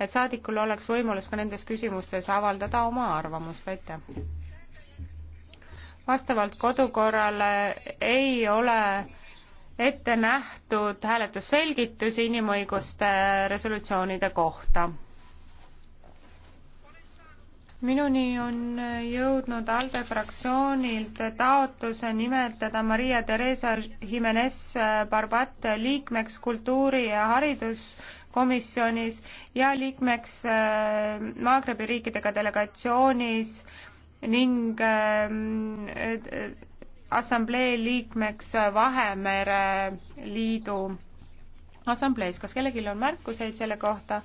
et saadikul oleks võimalus ka nendes küsimustes avaldada oma arvamust, aitäh. vastavalt kodukorrale ei ole ette nähtud hääletusselgitusi inimõiguste resolutsioonide kohta minuni on jõudnud ALDE fraktsioonilt taotluse nimetada Maria Theresa Jimenez Barbat liikmeks kultuuri- ja hariduskomisjonis ja liikmeks äh, Maagrebi riikidega delegatsioonis ning äh, assamblee liikmeks Vahemere liidu assamblees. kas kellelgi on märkuseid selle kohta?